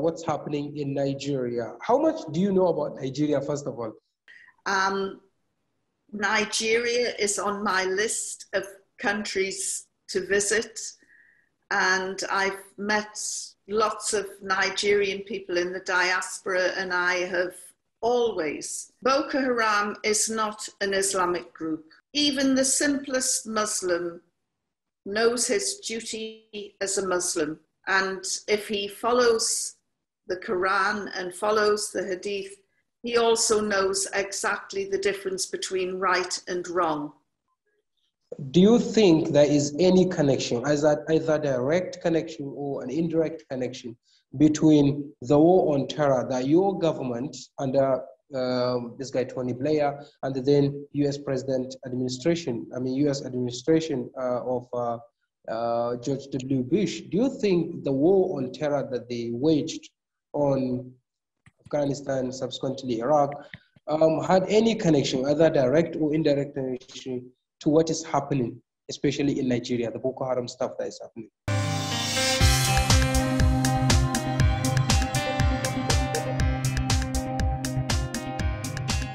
what's happening in Nigeria. How much do you know about Nigeria, first of all? Um, Nigeria is on my list of countries to visit, and I've met lots of Nigerian people in the diaspora, and I have always. Boko Haram is not an Islamic group. Even the simplest Muslim knows his duty as a Muslim. And if he follows the Quran and follows the Hadith, he also knows exactly the difference between right and wrong. Do you think there is any connection, either, either direct connection or an indirect connection, between the war on terror that your government under um, this guy Tony Blair and the then U.S. President administration, I mean U.S. administration uh, of uh, uh, George W. Bush. Do you think the war on terror that they waged on Afghanistan, subsequently Iraq, um, had any connection, either direct or indirect connection, to what is happening, especially in Nigeria, the Boko Haram stuff that is happening.